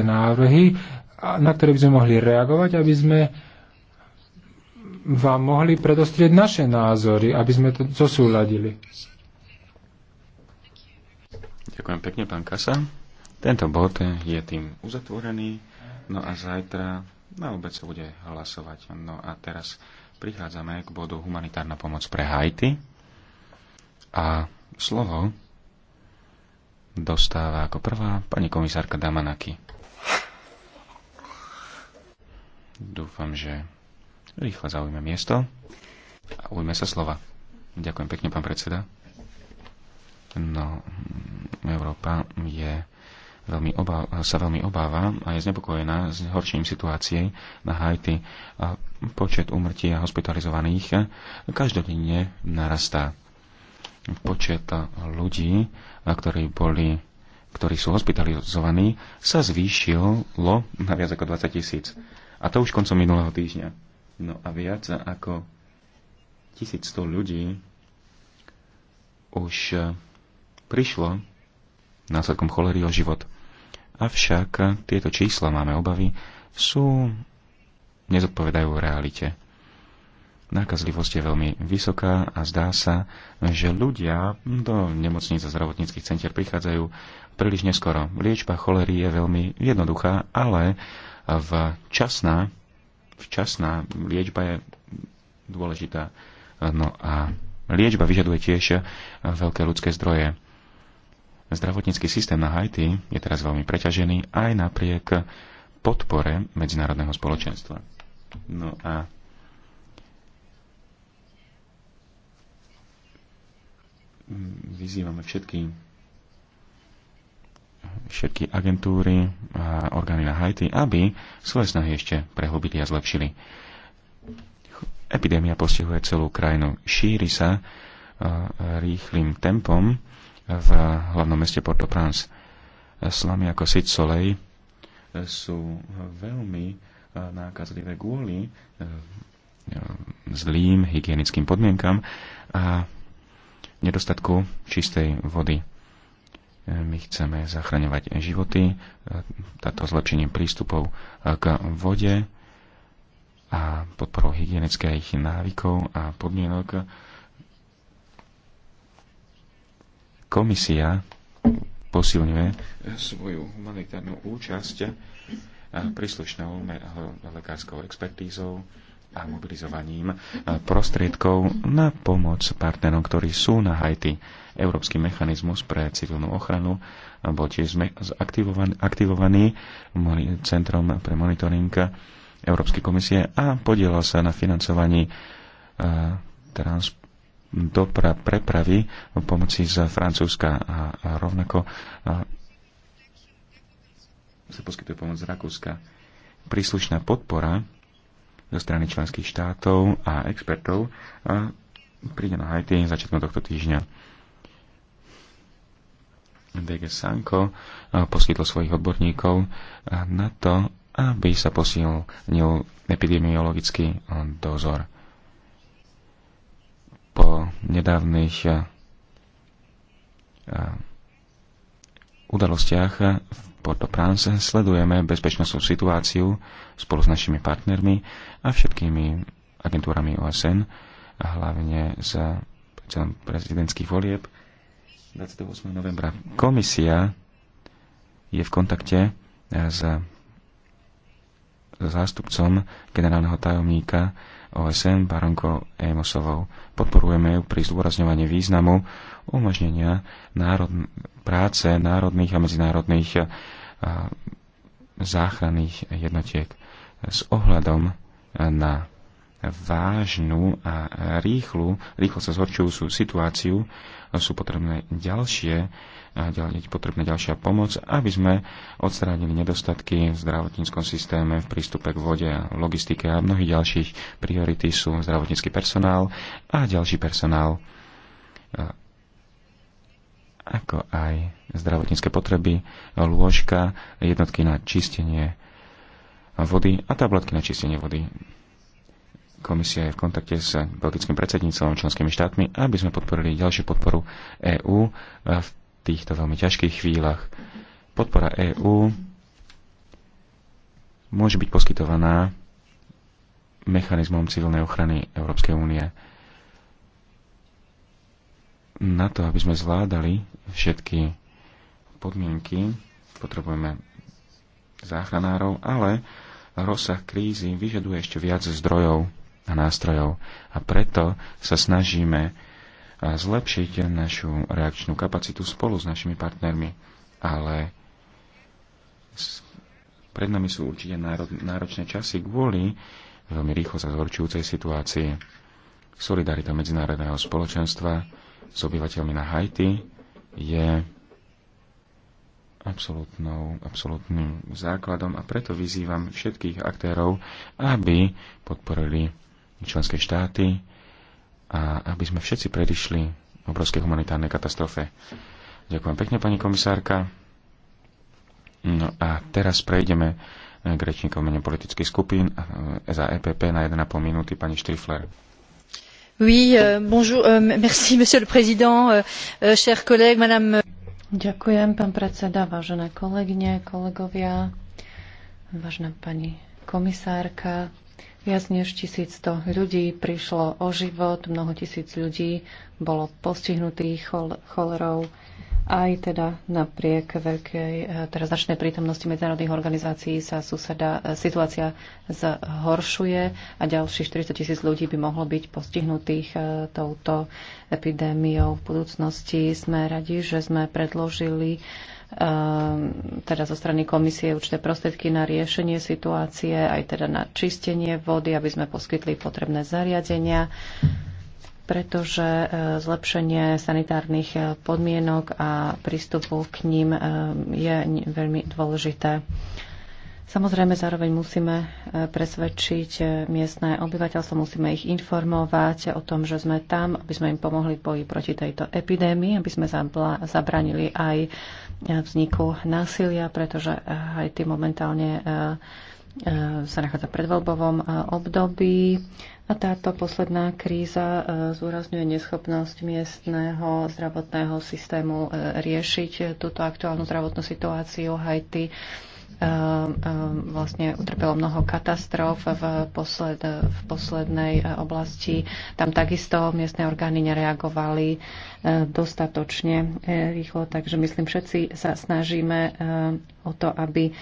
praktické návrhy, na ktoré by sme mohli reagovať, aby sme vám mohli predostrieť naše názory, aby sme to zosúladili. Ďakujem pekne, pán Kasa. Tento bod je tým uzatvorený. No a zajtra na obec sa bude hlasovať. No a teraz prichádzame k bodu humanitárna pomoc pre Haiti. A slovo dostáva ako prvá pani komisárka Damanaki. Dúfam, že rýchle zaujme miesto a ujme sa slova. Ďakujem pekne, pán predseda. No, mm, Európa je veľmi obáva, sa veľmi obáva a je znepokojená s horším situácií na Haiti. A počet úmrtí a hospitalizovaných každodenne narastá. Počet ľudí, ktorí boli ktorí sú hospitalizovaní, sa zvýšilo na viac ako 20 tisíc. A to už koncom minulého týždňa. No a viac ako 1100 ľudí už e, prišlo následkom cholery o život. Avšak tieto čísla, máme obavy, sú nezodpovedajú realite. Nákazlivosť je veľmi vysoká a zdá sa, že ľudia do nemocníc a zdravotníckých centier prichádzajú príliš neskoro. Liečba cholery je veľmi jednoduchá, ale včasná, včasná liečba je dôležitá. No a liečba vyžaduje tiež veľké ľudské zdroje. Zdravotnícky systém na Haiti je teraz veľmi preťažený aj napriek podpore medzinárodného spoločenstva. No a vyzývame všetky všetky agentúry a orgány na Haiti, aby svoje snahy ešte prehlbili a zlepšili. Epidémia postihuje celú krajinu. Šíri sa e, rýchlým tempom v hlavnom meste Port-au-Prince. Slamy ako Sid Soleil e, sú veľmi e, nákazlivé kvôli zlým hygienickým podmienkam a nedostatku čistej vody my chceme zachraňovať životy, táto zlepšením prístupov k vode a podporou hygienických návykov a podmienok. Komisia posilňuje svoju humanitárnu účasť príslušnou lekárskou expertízou, a mobilizovaním e, prostriedkov na pomoc partnerom, ktorí sú na Haiti. Európsky mechanizmus pre civilnú ochranu bol tiež aktivovaný, Centrom pre monitoring Európskej komisie a podielal sa na financovaní e, trans, dopra, prepravy pomoci z Francúzska a, rovnako sa poskytuje pomoc z Rakúska. Príslušná podpora zo strany členských štátov a expertov a príde na Haiti začiatkom tohto týždňa. DG Sanko poskytol svojich odborníkov na to, aby sa posilnil epidemiologický dozor. Po nedávnych udalostiach v Port-au-Prince sledujeme bezpečnostnú situáciu spolu s našimi partnermi a všetkými agentúrami OSN a hlavne s prezidentských volieb 28. novembra. Komisia je v kontakte s zástupcom generálneho tajomníka OSN Baranko Emosovou. Podporujeme ju pri zdôrazňovaní významu umožnenia národ, práce národných a medzinárodných a, záchranných jednotiek s ohľadom na vážnu a rýchlu, rýchlo sa zhorčujúcu situáciu, sú potrebné ďalšie, potrebné potrebná ďalšia pomoc, aby sme odstránili nedostatky v zdravotníckom systéme, v prístupe k vode a logistike a mnohých ďalších priority sú zdravotnícky personál a ďalší personál ako aj zdravotnícke potreby, lôžka, jednotky na čistenie vody a tabletky na čistenie vody. Komisia je v kontakte s belgickým predsedníctvom členskými štátmi, aby sme podporili ďalšiu podporu EÚ e, v týchto veľmi ťažkých chvíľach. Podpora EÚ môže byť poskytovaná mechanizmom civilnej ochrany Európskej únie. Na to, aby sme zvládali všetky podmienky, potrebujeme záchranárov, ale rozsah krízy vyžaduje ešte viac zdrojov a nástrojov. A preto sa snažíme zlepšiť našu reakčnú kapacitu spolu s našimi partnermi. Ale pred nami sú určite náročné časy kvôli veľmi rýchlo sa zhorčujúcej situácii. Solidarita medzinárodného spoločenstva s obyvateľmi na Haiti je absolútnou, absolútnym základom a preto vyzývam všetkých aktérov, aby podporili členské štáty a aby sme všetci predišli obrovskej humanitárnej katastrofe. Ďakujem pekne, pani komisárka. No a teraz prejdeme k rečníkom mene politických skupín e, za EPP na 1,5 minúty pani Štrifler. Oui, euh, bonjour, euh, merci, monsieur le président, euh, euh, chers collègues, madame. Euh. Ďakujem, pán predseda, vážené kolegyne, kolegovia, vážená pani komisárka. Viac než 1100 ľudí prišlo o život, mnoho tisíc ľudí bolo postihnutých chol- cholerou aj teda napriek veľkej eh, teraz značnej prítomnosti medzinárodných organizácií sa suseda, eh, situácia zhoršuje a ďalších 400 tisíc ľudí by mohlo byť postihnutých eh, touto epidémiou v budúcnosti. Sme radi, že sme predložili teda zo strany komisie určité prostriedky na riešenie situácie, aj teda na čistenie vody, aby sme poskytli potrebné zariadenia. Mm pretože e, zlepšenie sanitárnych e, podmienok a prístupu k ním e, je veľmi dôležité. Samozrejme, zároveň musíme presvedčiť miestne obyvateľstvo, musíme ich informovať o tom, že sme tam, aby sme im pomohli v boji proti tejto epidémii, aby sme zabranili aj vzniku násilia, pretože Haiti momentálne sa nachádza pred voľbovom období. A táto posledná kríza e, zúrazňuje neschopnosť miestneho zdravotného systému e, riešiť e, túto aktuálnu zdravotnú situáciu Haiti vlastne utrpelo mnoho katastrof v, posled, v poslednej oblasti. Tam takisto miestne orgány nereagovali dostatočne rýchlo, takže myslím, všetci sa snažíme o to, aby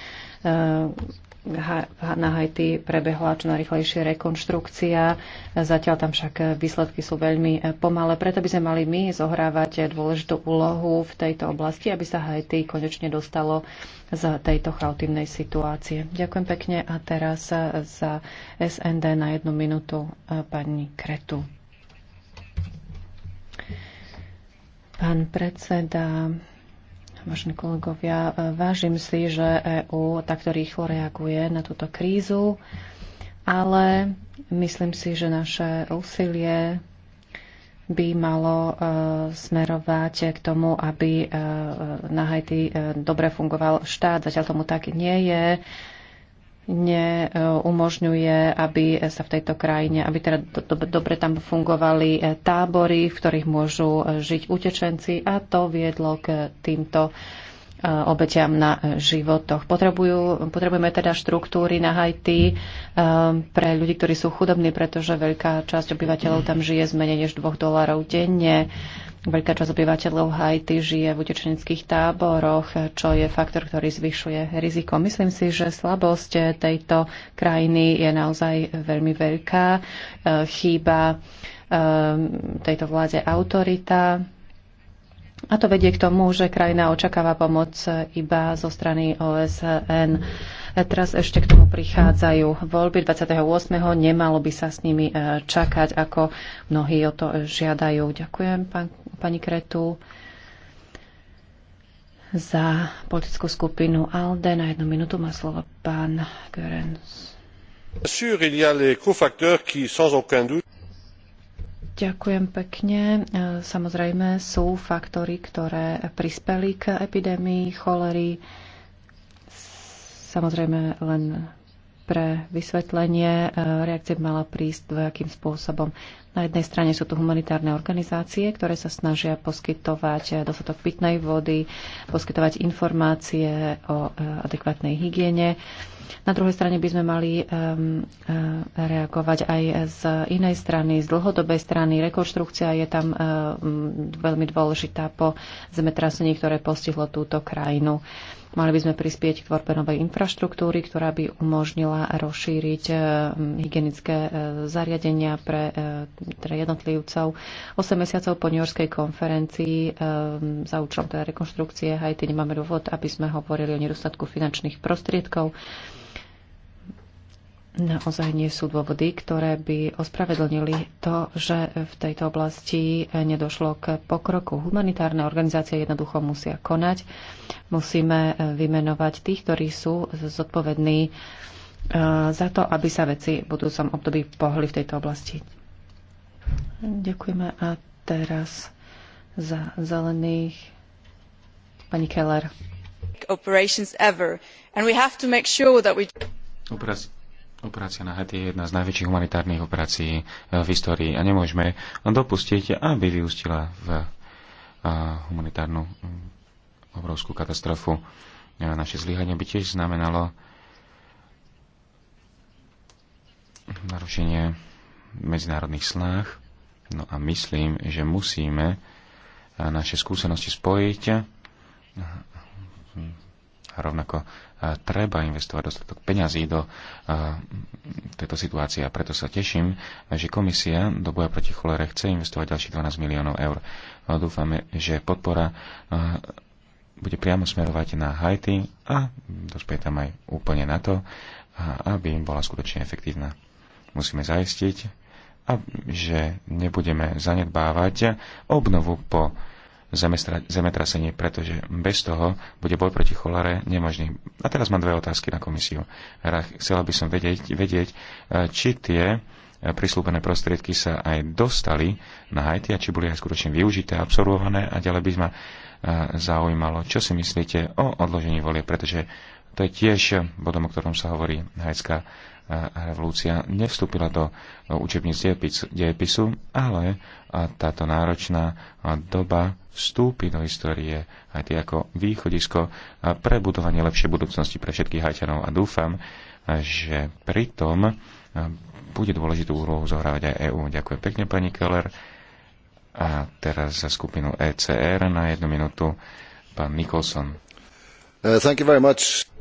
na Haiti prebehla čo najrychlejšie rekonštrukcia. Zatiaľ tam však výsledky sú veľmi eh, pomalé. Preto by sme mali my zohrávať dôležitú úlohu v tejto oblasti, aby sa Haiti konečne dostalo z tejto chaotívnej situácie. Ďakujem pekne a teraz eh, za SND na jednu minútu eh, pani Kretu. Pán predseda, Vážení kolegovia, vážim si, že EÚ takto rýchlo reaguje na túto krízu, ale myslím si, že naše úsilie by malo e, smerovať k tomu, aby e, na Haiti e, dobre fungoval štát. Zatiaľ tomu tak nie je neumožňuje, aby sa v tejto krajine, aby teda do, do, dobre tam fungovali eh, tábory, v ktorých môžu eh, žiť utečenci a to viedlo k týmto eh, obetiam na životoch. Potrebujú, potrebujeme teda štruktúry na Haiti pre ľudí, ktorí sú chudobní, pretože veľká časť obyvateľov tam žije z menej než 2 dolárov denne Veľká časť obyvateľov Haiti žije v utečeneckých táboroch, čo je faktor, ktorý zvyšuje riziko. Myslím si, že slabosť tejto krajiny je naozaj veľmi veľká. E, chýba e, tejto vláde autorita. A to vedie k tomu, že krajina očakáva pomoc iba zo strany OSN. Teraz ešte k tomu prichádzajú voľby 28. Nemalo by sa s nimi e, čakať, ako mnohí o to žiadajú. Ďakujem, pán pani Kretu za politickú skupinu ALDE. Na jednu minútu má slovo pán Görens. Ďakujem pekne. E, samozrejme sú faktory, ktoré prispeli k epidémii cholery. Samozrejme len pre vysvetlenie. E, reakcia by mala prísť dvojakým spôsobom. Na jednej strane sú tu humanitárne organizácie, ktoré sa snažia poskytovať e, dostatok pitnej vody, poskytovať informácie o e, adekvátnej hygiene. Na druhej strane by sme mali reagovať aj z inej strany, z dlhodobej strany. Rekonštrukcia je tam veľmi dôležitá po zemetrasení, ktoré postihlo túto krajinu. Mali by sme prispieť k tvorbe novej infraštruktúry, ktorá by umožnila rozšíriť e, hygienické e, zariadenia pre e, teda jednotlivcov. 8 mesiacov po New Yorkskej konferencii za účelom teda rekonštrukcie Haiti nemáme dôvod, aby sme hovorili o nedostatku finančných prostriedkov naozaj nie sú dôvody, ktoré by ospravedlnili to, že v tejto oblasti nedošlo k pokroku. Humanitárne organizácie jednoducho musia konať. Musíme eh, vymenovať tých, ktorí sú zodpovední eh, za to, aby sa veci v budúcom období pohli v tejto oblasti. Ďakujeme a teraz za zelených pani Keller. Operations ever. And we have to make sure that we... Operácia na Haiti je jedna z najväčších humanitárnych operácií eh, v histórii a nemôžeme dopustiť, aby vyústila v eh, humanitárnu hm, obrovskú katastrofu. Eh, naše zlyhanie by tiež znamenalo narušenie medzinárodných snách. No a myslím, že musíme naše skúsenosti spojiť hm, Rovnako e, treba investovať dostatok peňazí do e, tejto situácie a preto sa teším, že komisia do boja proti cholere chce investovať ďalších 12 miliónov eur. Dúfame, že podpora e, bude priamo smerovať na Haiti a dospeje tam aj úplne na to, aby im bola skutočne efektívna. Musíme zaistiť, že nebudeme zanedbávať obnovu po zemetrasenie, pretože bez toho bude boj proti cholere nemožný. A teraz mám dve otázky na komisiu. Chcela by som vedieť, vedieť e, či tie e, prislúbené prostriedky sa aj dostali na Haiti a či boli aj skutočne využité, absorbované a ďalej by sme zaujímalo, čo si myslíte o odložení volie, pretože to je tiež bodom, o ktorom sa hovorí haitská revolúcia nevstúpila do učebníc dejepisu, ale táto náročná doba vstúpi do histórie aj tie ako východisko pre budovanie lepšej budúcnosti pre všetkých hajťanov a dúfam, že pritom bude dôležitú úlohu zohrávať aj EÚ. Ďakujem pekne, pani Keller. A teraz za skupinu ECR na jednu minútu pán Nikolson. Uh,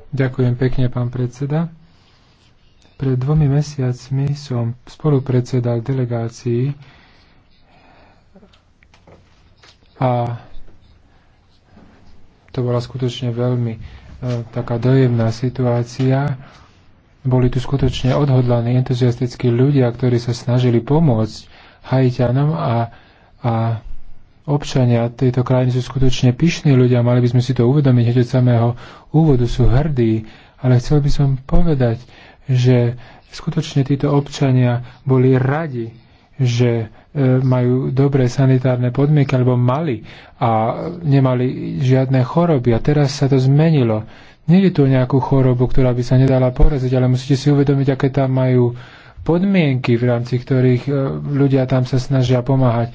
Ďakujem pekne, pán predseda. Pred dvomi mesiacmi som spolupredsedal delegácii a to bola skutočne veľmi e, taká dojemná situácia. Boli tu skutočne odhodlaní, entuziastickí ľudia, ktorí sa snažili pomôcť Haitianom a, a občania tejto krajiny sú skutočne pyšní ľudia, mali by sme si to uvedomiť že od samého úvodu, sú hrdí, ale chcel by som povedať, že skutočne títo občania boli radi, že e, majú dobré sanitárne podmienky, alebo mali a nemali žiadne choroby. A teraz sa to zmenilo. Nie je to nejakú chorobu, ktorá by sa nedala poraziť, ale musíte si uvedomiť, aké tam majú podmienky, v rámci ktorých e, ľudia tam sa snažia pomáhať.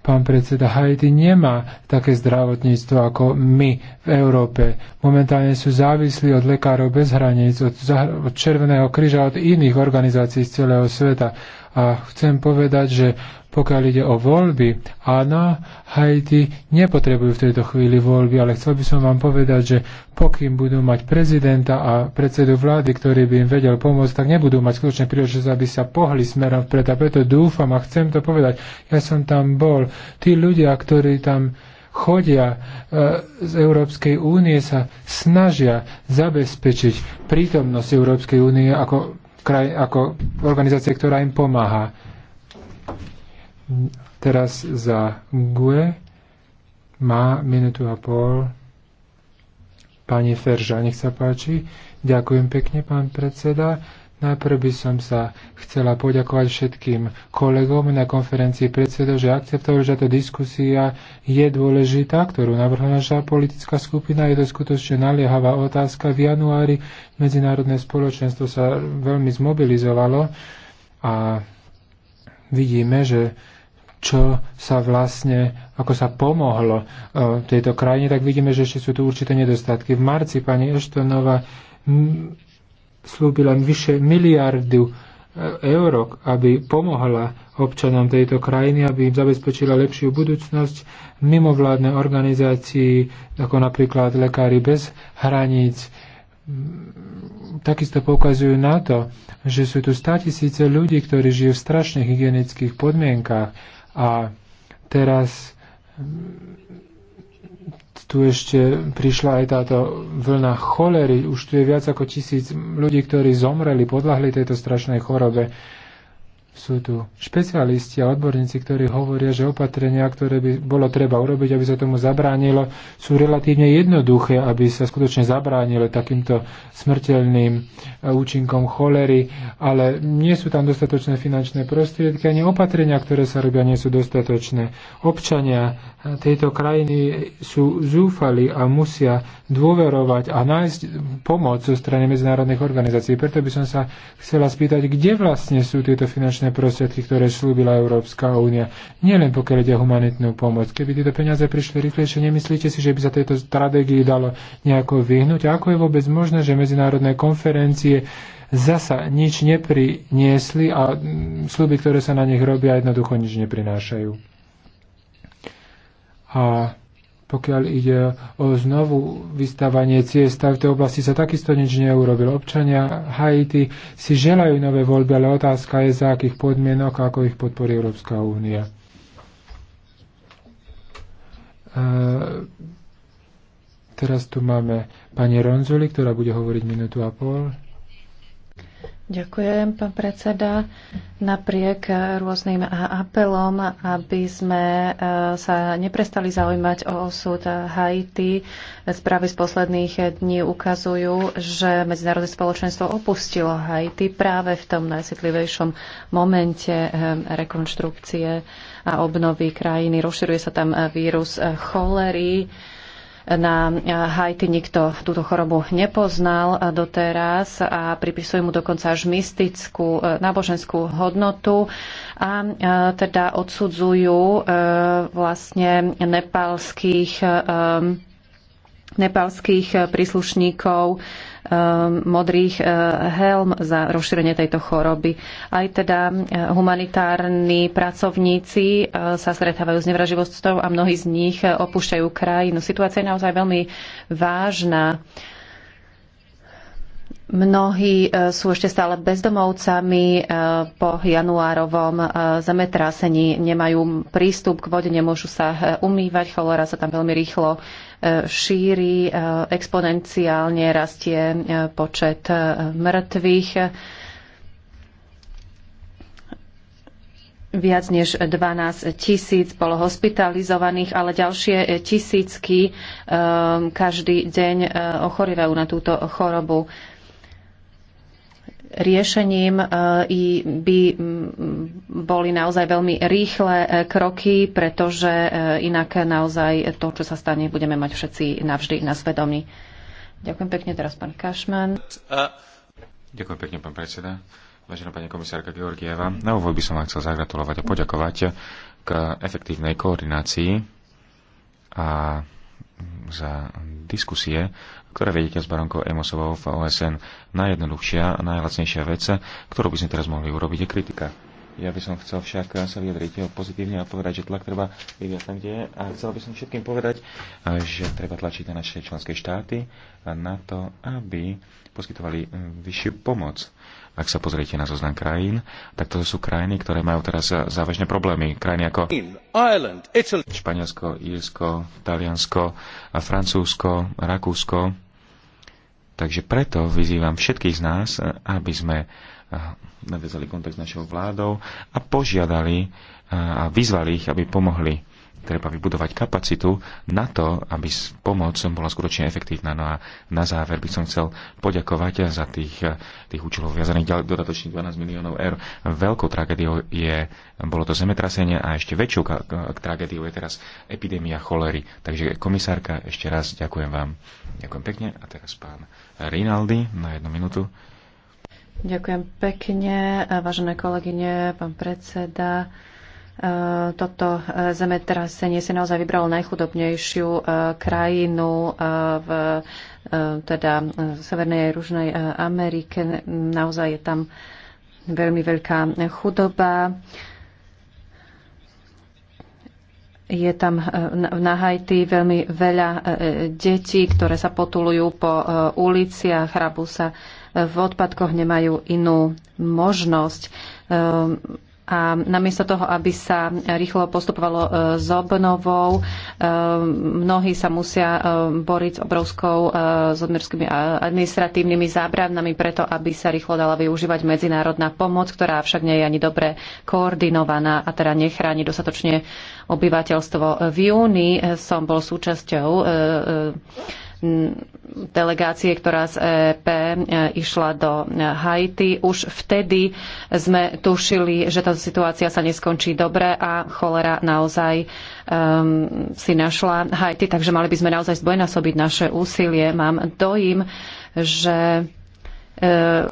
Pán predseda, Haiti nemá také zdravotníctvo ako my v Európe. Momentálne sú závislí od lekárov bez hraníc, od, od Červeného kryža, od iných organizácií z celého sveta a chcem povedať, že pokiaľ ide o voľby, áno, Haiti nepotrebujú v tejto chvíli voľby, ale chcel by som vám povedať, že pokým budú mať prezidenta a predsedu vlády, ktorý by im vedel pomôcť, tak nebudú mať skutočne príležitosť, aby sa pohli smerom vpred. A preto dúfam a chcem to povedať. Ja som tam bol. Tí ľudia, ktorí tam chodia e, z Európskej únie, sa snažia zabezpečiť prítomnosť Európskej únie ako kraj, ako organizácia, ktorá im pomáha. Teraz za GUE má minútu a pol pani Ferža. Nech sa páči. Ďakujem pekne, pán predseda. Najprv by som sa chcela poďakovať všetkým kolegom na konferencii predsedov, že akceptovali, že táto diskusia je dôležitá, ktorú navrhla naša politická skupina. Je to skutočne naliehavá otázka. V januári medzinárodné spoločenstvo sa veľmi zmobilizovalo a vidíme, že čo sa vlastne, ako sa pomohlo e, tejto krajine, tak vidíme, že ešte sú tu určité nedostatky. V marci pani Eštonova slúbila vyše miliardu e, eur, aby pomohla občanom tejto krajiny, aby im zabezpečila lepšiu budúcnosť mimovládnej organizácii, ako napríklad Lekári bez hraníc. Takisto poukazujú na to, že sú tu státisíce ľudí, ktorí žijú v strašných hygienických podmienkách a teraz tu ešte prišla aj táto vlna cholery. Už tu je viac ako tisíc ľudí, ktorí zomreli, podľahli tejto strašnej chorobe sú tu špecialisti a odborníci, ktorí hovoria, že opatrenia, ktoré by bolo treba urobiť, aby sa tomu zabránilo, sú relatívne jednoduché, aby sa skutočne zabránilo takýmto smrteľným e, účinkom cholery, ale nie sú tam dostatočné finančné prostriedky, ani opatrenia, ktoré sa robia, nie sú dostatočné. Občania tejto krajiny sú zúfali a musia dôverovať a nájsť pomoc zo strany medzinárodných organizácií. Preto by som sa chcela spýtať, kde vlastne sú tieto finančné finančné prostriedky, ktoré slúbila Európska únia. Nielen pokiaľ ide humanitnú pomoc. Keby tieto peniaze prišli rýchlejšie, nemyslíte si, že by sa tejto stratégii dalo nejako vyhnúť? A ako je vôbec možné, že medzinárodné konferencie zasa nič nepriniesli a mm, sluby, ktoré sa na nich robia, jednoducho nič neprinášajú? A pokiaľ ide o znovu vystávanie ciest, tak v tej oblasti sa takisto nič neurobilo. Občania Haiti si želajú nové voľby, ale otázka je, za akých podmienok, ako ich podporí Európska únia. Uh, teraz tu máme pani Ronzuli, ktorá bude hovoriť minútu a pol. Ďakujem, pán predseda. Napriek rôznym apelom, aby sme e, sa neprestali zaujímať o osud Haiti, správy z posledných dní ukazujú, že medzinárodné spoločenstvo opustilo Haiti práve v tom najsitlivejšom momente e, rekonštrukcie a obnovy krajiny. Rozširuje sa tam vírus cholery na Haiti nikto túto chorobu nepoznal doteraz a pripisuje mu dokonca až mystickú e, náboženskú hodnotu a e, teda odsudzujú e, vlastne nepalských nepalských príslušníkov Um, modrých uh, helm za rozšírenie tejto choroby. Aj teda uh, humanitárni pracovníci uh, sa stretávajú s nevraživosťou a mnohí z nich opúšťajú krajinu. Situácia je naozaj veľmi vážna. Mnohí sú ešte stále bezdomovcami po januárovom zemetrasení, nemajú prístup k vode, nemôžu sa umývať, cholera sa tam veľmi rýchlo šíri e, exponenciálne, rastie e, počet e, mŕtvych. Viac než 12 tisíc bolo hospitalizovaných, ale ďalšie tisícky každý deň ochorievajú na túto chorobu riešením e, by boli naozaj veľmi rýchle e, kroky, pretože e, inak naozaj to, čo sa stane, budeme mať všetci navždy na svedomí. Ďakujem pekne teraz pán Kašman. Ďakujem pekne pán predseda. Vážená pani komisárka Georgieva, na úvod by som vám chcel zagratulovať a poďakovať k efektívnej koordinácii a za diskusie, ktoré vedete s baronkou Emosovou v OSN. Najjednoduchšia a najlacnejšia vec, ktorú by sme teraz mohli urobiť, je kritika. Ja by som chcel však sa vyjadriť pozitívne a povedať, že tlak treba vyviať tam, kde je. A chcel by som všetkým povedať, že treba tlačiť na naše členské štáty na to, aby poskytovali vyššiu pomoc. Ak sa pozriete na zoznam krajín, tak to sú krajiny, ktoré majú teraz závažné problémy. Krajiny ako Španielsko, Írsko, Taliansko, a Francúzsko, Rakúsko. Takže preto vyzývam všetkých z nás, aby sme eh, nadvezali kontakt s našou vládou a požiadali eh, a vyzvali ich, aby pomohli treba vybudovať kapacitu na to, aby pomoc bola skutočne efektívna. No a na záver by som chcel poďakovať za tých, tých účelov viazaných dodatočných 12 miliónov eur. Veľkou tragédiou je, bolo to zemetrasenie a ešte väčšou tragédiou je teraz epidémia cholery. Takže komisárka, ešte raz ďakujem vám. Ďakujem pekne. A teraz pán Rinaldi na jednu minútu. Ďakujem pekne, vážené kolegyne, pán predseda. Eh, toto eh, zemetrasenie si naozaj vybralo najchudobnejšiu eh, krajinu v teda Severnej a Južnej Amerike. Naozaj je tam veľmi veľká chudoba. Je tam na Haiti veľmi veľa detí, ktoré sa potulujú po ulici a hrabú sa v odpadkoch, nemajú inú možnosť a namiesto toho, aby sa rýchlo postupovalo e, s obnovou, e, mnohí sa musia e, boriť s obrovskou, s odmierskými administratívnymi zábranami preto, aby sa rýchlo dala využívať medzinárodná pomoc, ktorá však nie je ani dobre koordinovaná a teda nechráni dostatočne obyvateľstvo. V júni som bol súčasťou delegácie, ktorá z EP e, išla do Haiti. Už vtedy sme tušili, že tá situácia sa neskončí dobre a cholera naozaj um, si našla Haiti, takže mali by sme naozaj zdvojnásobiť naše úsilie. Mám dojím, že e,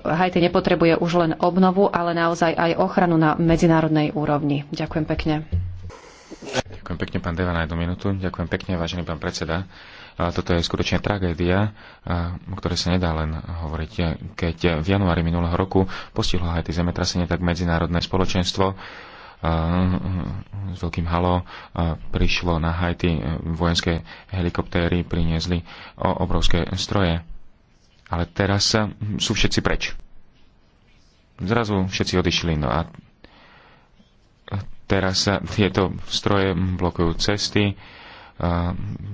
Haiti nepotrebuje už len obnovu, ale naozaj aj ochranu na medzinárodnej úrovni. Ďakujem pekne. Ďakujem pekne, pán Deva, na jednu minútu. Ďakujem pekne, vážený pán predseda. Toto je skutočne tragédia, o ktorej sa nedá len hovoriť. Keď v januári minulého roku postihlo tie zemetrasenie, tak medzinárodné spoločenstvo s veľkým halo prišlo na Haiti vojenské helikoptéry, priniesli obrovské stroje. Ale teraz sú všetci preč. Zrazu všetci odišli. No a teraz sa tieto stroje blokujú cesty,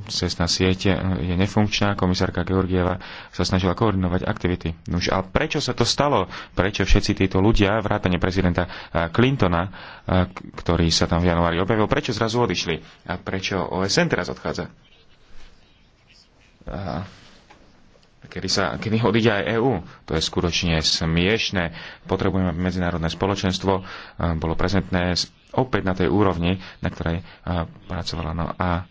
cestná sieť je nefunkčná. Komisárka Georgieva sa snažila koordinovať aktivity. Už a prečo sa to stalo? Prečo všetci títo ľudia, vrátane prezidenta e, Clintona, e, ktorý sa tam v januári objavil, prečo zrazu odišli? A prečo OSN teraz odchádza? A kedy, sa, kedy odíde aj EÚ. To je skutočne smiešne. Potrebujeme, aby medzinárodné spoločenstvo e, bolo prezentné opäť na tej úrovni, na ktorej pracovala. No a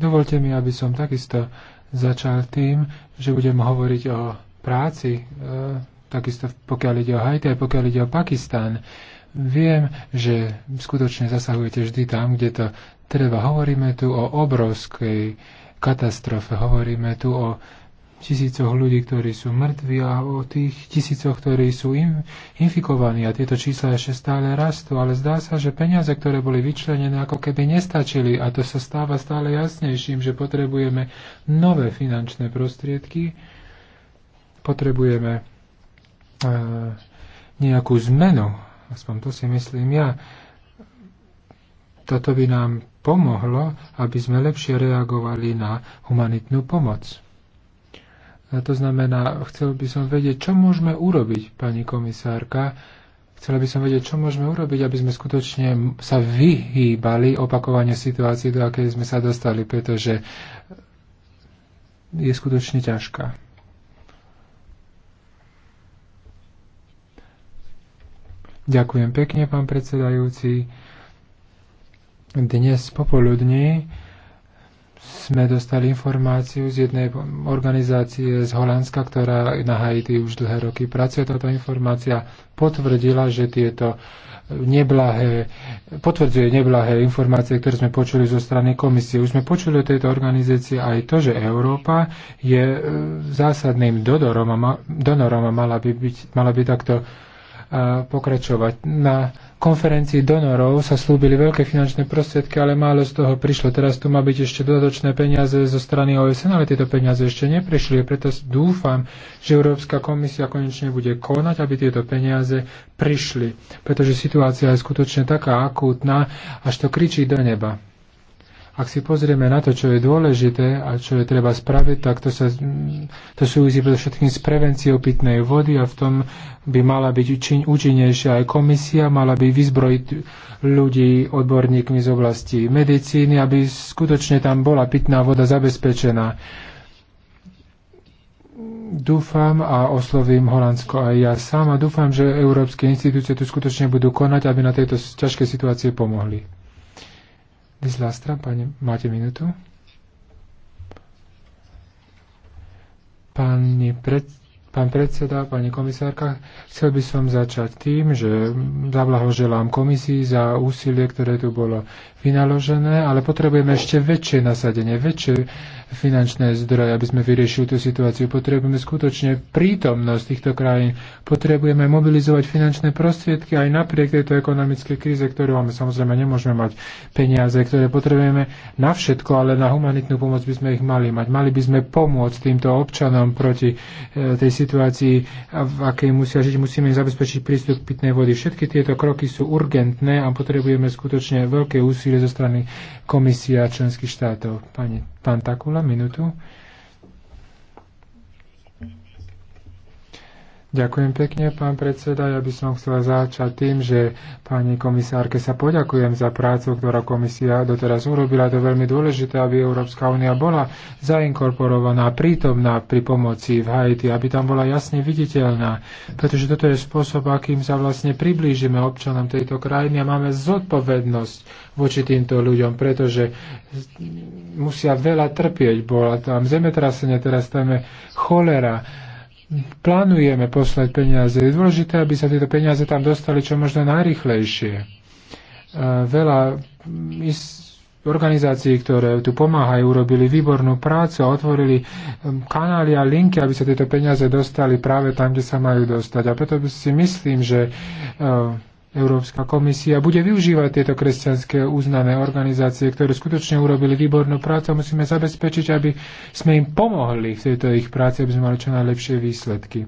Dovolte mi, aby som takisto začal tým, že budem hovoriť o práci, e, takisto pokiaľ ide o Haiti a pokiaľ ide o Pakistán, Viem, že skutočne zasahujete vždy tam, kde to treba. Hovoríme tu o obrovskej katastrofe, hovoríme tu o tisícoch ľudí, ktorí sú mŕtvi a o tých tisícoch, ktorí sú im, infikovaní. A tieto čísla ešte stále rastú, ale zdá sa, že peniaze, ktoré boli vyčlenené, ako keby nestačili. A to sa stáva stále jasnejším, že potrebujeme nové finančné prostriedky, potrebujeme e, nejakú zmenu, aspoň to si myslím ja. Toto by nám pomohlo, aby sme lepšie reagovali na humanitnú pomoc. A to znamená, chcel by som vedieť, čo môžeme urobiť, pani komisárka. Chcela by som vedieť, čo môžeme urobiť, aby sme skutočne sa vyhýbali opakovanie situácií, do akej sme sa dostali, pretože je skutočne ťažká. Ďakujem pekne, pán predsedajúci. Dnes popoludní sme dostali informáciu z jednej organizácie z Holandska, ktorá na Haiti už dlhé roky pracuje. Táto informácia potvrdila, že tieto neblahé, potvrdzuje neblahé informácie, ktoré sme počuli zo strany komisie. Už sme počuli o tejto organizácii aj to, že Európa je e, zásadným donorom a, ma, donorom a mala, by byť, mala by takto pokračovať. Na konferencii donorov sa slúbili veľké finančné prostriedky, ale málo z toho prišlo. Teraz tu má byť ešte dodatočné peniaze zo strany OSN, ale tieto peniaze ešte neprišli. Preto dúfam, že Európska komisia konečne bude konať, aby tieto peniaze prišli. Pretože situácia je skutočne taká akútna, až to kričí do neba. Ak si pozrieme na to, čo je dôležité a čo je treba spraviť, tak to, sa, to súvisí predovšetkým s prevenciou pitnej vody a v tom by mala byť účinnejšia aj komisia, mala by vyzbrojiť ľudí odborníkmi z oblasti medicíny, aby skutočne tam bola pitná voda zabezpečená dúfam a oslovím Holandsko aj ja sám a dúfam, že európske inštitúcie tu skutočne budú konať, aby na tejto ťažkej situácii pomohli. Dizlastra, pane, máte minútu? Pani pred, Pán predseda, pani komisárka, chcel by som začať tým, že zablahoželám komisii za úsilie, ktoré tu bolo vynaložené, ale potrebujeme ešte väčšie nasadenie, väčšie finančné zdroje, aby sme vyriešili tú situáciu. Potrebujeme skutočne prítomnosť týchto krajín. Potrebujeme mobilizovať finančné prostriedky aj napriek tejto ekonomickej kríze, ktorú máme. Samozrejme, nemôžeme mať peniaze, ktoré potrebujeme na všetko, ale na humanitnú pomoc by sme ich mali mať. Mali by sme pomôcť týmto občanom proti eh, tej situácii, v akej musia žiť, musíme zabezpečiť prístup k pitnej vody. Všetky tieto kroky sú urgentné a potrebujeme skutočne veľké úsilie zo strany komisia členských štátov. Pani, pán Takula, minútu. Ďakujem pekne, pán predseda. Ja by som chcela začať tým, že pani komisárke sa poďakujem za prácu, ktorá komisia doteraz urobila. To je veľmi dôležité, aby Európska únia bola zainkorporovaná, prítomná pri pomoci v Haiti, aby tam bola jasne viditeľná. Pretože toto je spôsob, akým sa vlastne priblížime občanom tejto krajiny a máme zodpovednosť voči týmto ľuďom, pretože musia veľa trpieť. Bola tam zemetrasenie, teraz tam je cholera plánujeme poslať peniaze. Je dôležité, aby sa tieto peniaze tam dostali čo možno najrychlejšie. E, veľa mm, organizácií, ktoré tu pomáhajú, urobili výbornú prácu a otvorili mm, kanály a linky, aby sa tieto peniaze dostali práve tam, kde sa majú dostať. A preto si myslím, že e, Európska komisia bude využívať tieto kresťanské uznané organizácie, ktoré skutočne urobili výbornú prácu. a Musíme zabezpečiť, aby sme im pomohli v tejto ich práci, aby sme mali čo najlepšie výsledky.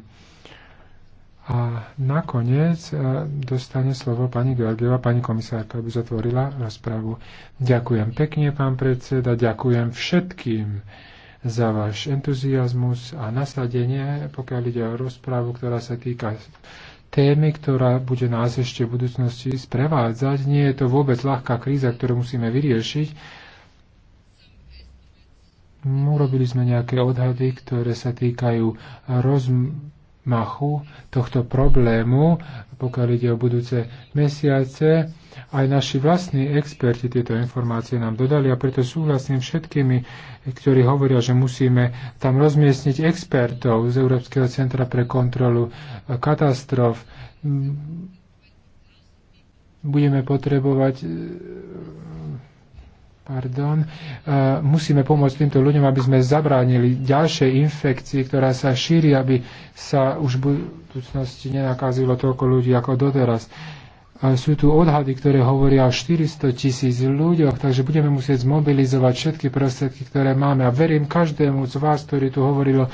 A nakoniec e, dostane slovo pani Georgieva, pani komisárka, aby zatvorila rozpravu. Ďakujem pekne, pán predseda, ďakujem všetkým za váš entuziasmus a nasadenie, pokiaľ ide o rozprávu, ktorá sa týka témy, ktorá bude nás ešte v budúcnosti sprevádzať. Nie je to vôbec ľahká kríza, ktorú musíme vyriešiť. Urobili sme nejaké odhady, ktoré sa týkajú rozm- machu tohto problému, pokiaľ ide o budúce mesiace. Aj naši vlastní experti tieto informácie nám dodali a preto súhlasím všetkými, ktorí hovoria, že musíme tam rozmiestniť expertov z Európskeho centra pre kontrolu katastrof. Budeme potrebovať pardon, e, musíme pomôcť týmto ľuďom, aby sme zabránili ďalšej infekcii, ktorá sa šíri, aby sa už v budúcnosti nenakazilo toľko ľudí ako doteraz. E, sú tu odhady, ktoré hovoria o 400 tisíc ľuďoch, takže budeme musieť zmobilizovať všetky prostriedky, ktoré máme. A verím každému z vás, ktorý tu hovoril o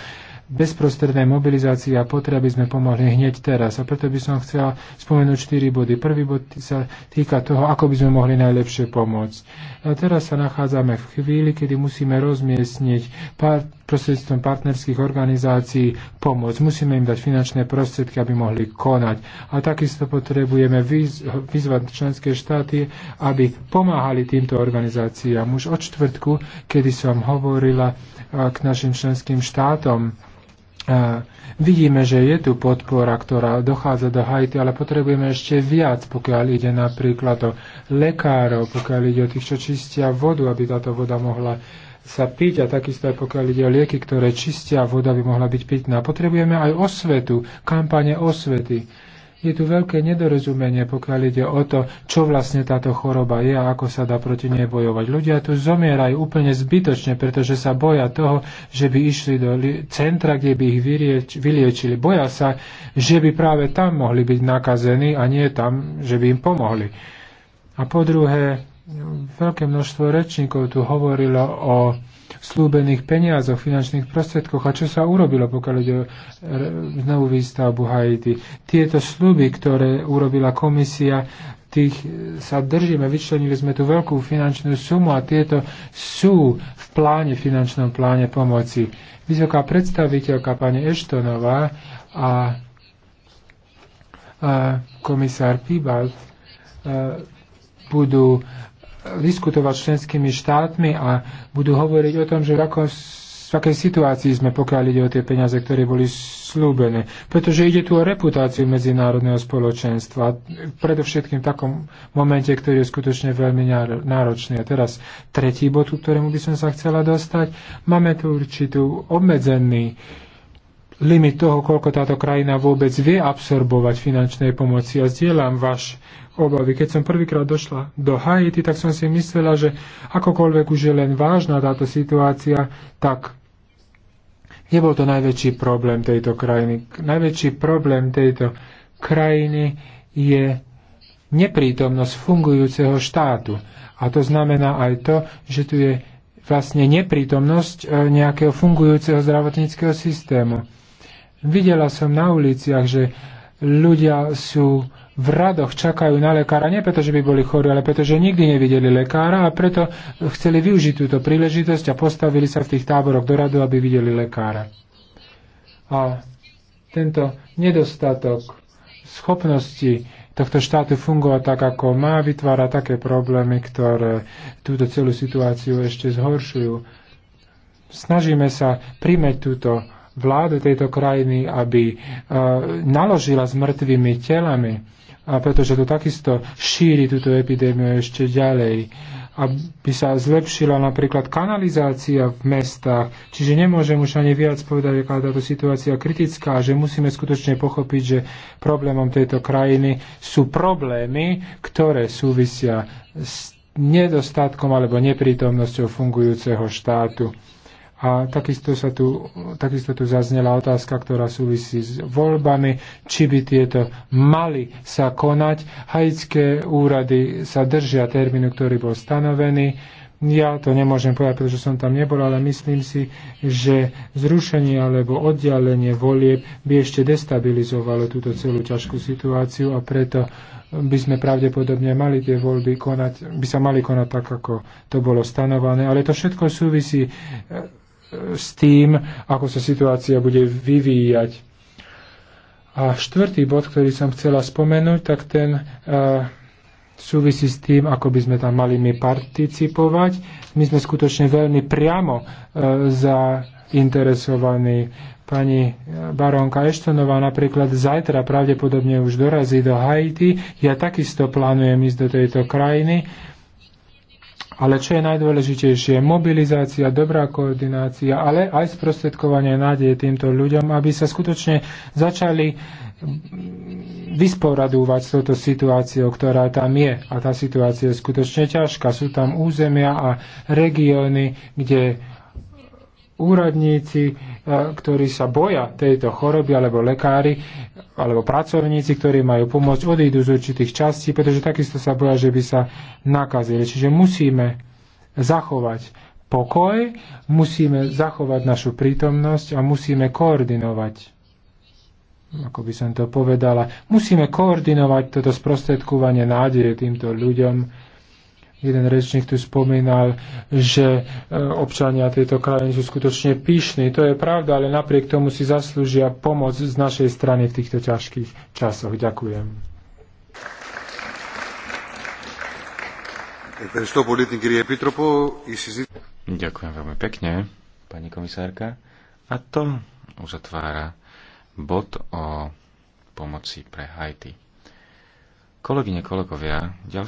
bezprostrednej mobilizácii a potreby sme pomohli hneď teraz. A preto by som chcela spomenúť 4 body. Prvý bod sa týka toho, ako by sme mohli najlepšie pomôcť. A teraz sa nachádzame v chvíli, kedy musíme rozmiestniť pár, prostredstvom partnerských organizácií pomoc. Musíme im dať finančné prostriedky, aby mohli konať. A takisto potrebujeme vyz, vyzvať členské štáty, aby pomáhali týmto organizáciám. Už od čtvrtku, kedy som hovorila k našim členským štátom, Vidíme, že je tu podpora, ktorá dochádza do Haiti, ale potrebujeme ešte viac, pokiaľ ide napríklad o lekárov, pokiaľ ide o tých, čo čistia vodu, aby táto voda mohla sa piť a takisto aj pokiaľ ide o lieky, ktoré čistia voda by mohla byť pitná. Potrebujeme aj osvetu, kampane osvety je tu veľké nedorozumenie, pokiaľ ide o to, čo vlastne táto choroba je a ako sa dá proti nej bojovať. Ľudia tu zomierajú úplne zbytočne, pretože sa boja toho, že by išli do centra, kde by ich vyrieč, vyliečili. Boja sa, že by práve tam mohli byť nakazení a nie tam, že by im pomohli. A po druhé, veľké množstvo rečníkov tu hovorilo o slúbených peniazoch, finančných prostriedkoch a čo sa urobilo, pokiaľ ide o e, znovu výstavbu Haiti. Tieto sluby, ktoré urobila komisia, tých e, sa držíme, vyčlenili sme tú veľkú finančnú sumu a tieto sú v pláne, finančnom pláne pomoci. Vysoká predstaviteľka pani Eštonová a, a komisár Pibalt e, budú diskutovať s členskými štátmi a budú hovoriť o tom, že v, ako, v akej situácii sme, pokiaľ ide o tie peniaze, ktoré boli slúbené. Pretože ide tu o reputáciu medzinárodného spoločenstva, predovšetkým v takom momente, ktorý je skutočne veľmi náročný. A teraz tretí bod, ktorému by som sa chcela dostať. Máme tu určitú obmedzený limit toho, koľko táto krajina vôbec vie absorbovať finančnej pomoci. Ja zdieľam váš obavy. Keď som prvýkrát došla do Haiti, tak som si myslela, že akokoľvek už je len vážna táto situácia, tak nebol to najväčší problém tejto krajiny. Najväčší problém tejto krajiny je neprítomnosť fungujúceho štátu. A to znamená aj to, že tu je vlastne neprítomnosť e, nejakého fungujúceho zdravotníckého systému. Videla som na uliciach, že ľudia sú v radoch, čakajú na lekára, nie preto, že by boli chorí, ale preto, že nikdy nevideli lekára a preto chceli využiť túto príležitosť a postavili sa v tých táboroch do radu, aby videli lekára. A tento nedostatok schopnosti tohto štátu fungovať tak, ako má, vytvára také problémy, ktoré túto celú situáciu ešte zhoršujú. Snažíme sa príjmeť túto vládu tejto krajiny, aby e, naložila s mŕtvými telami, a pretože to takisto šíri túto epidémiu ešte ďalej, aby sa zlepšila napríklad kanalizácia v mestách. Čiže nemôžem už ani viac povedať, aká táto situácia kritická, že musíme skutočne pochopiť, že problémom tejto krajiny sú problémy, ktoré súvisia s nedostatkom alebo neprítomnosťou fungujúceho štátu. A takisto, sa tu, takisto tu zaznela otázka, ktorá súvisí s voľbami, či by tieto mali sa konať. Haitské úrady sa držia termínu, ktorý bol stanovený. Ja to nemôžem povedať, pretože som tam nebol, ale myslím si, že zrušenie alebo oddialenie volieb by ešte destabilizovalo túto celú ťažkú situáciu a preto by sme pravdepodobne mali tie voľby konať, by sa mali konať tak, ako to bolo stanované. Ale to všetko súvisí s tým, ako sa situácia bude vyvíjať. A štvrtý bod, ktorý som chcela spomenúť, tak ten uh, súvisí s tým, ako by sme tam mali my participovať. My sme skutočne veľmi priamo uh, zainteresovaní. Pani e, baronka Eštonová napríklad zajtra pravdepodobne už dorazí do Haiti. Ja takisto plánujem ísť do tejto krajiny ale čo je najdôležitejšie, mobilizácia, dobrá koordinácia, ale aj sprostredkovanie nádeje týmto ľuďom, aby sa skutočne začali vysporadúvať s touto situáciou, ktorá tam je. A tá situácia je skutočne ťažká. Sú tam územia a regióny, kde úradníci, e, ktorí sa boja tejto choroby, alebo lekári, alebo pracovníci, ktorí majú pomôcť, odídu z určitých častí, pretože takisto sa boja, že by sa nakazili. Čiže musíme zachovať pokoj, musíme zachovať našu prítomnosť a musíme koordinovať ako by som to povedala, musíme koordinovať toto sprostredkovanie nádeje týmto ľuďom, Jeden rečník tu spomínal, že e, občania tejto krajiny sú skutočne píšni. To je pravda, ale napriek tomu si zaslúžia pomoc z našej strany v týchto ťažkých časoch. Ďakujem. Ďakujem veľmi pekne, pani komisárka. A to uzatvára bod o pomoci pre Haiti. Kolegyne, kolegovia, ďalšie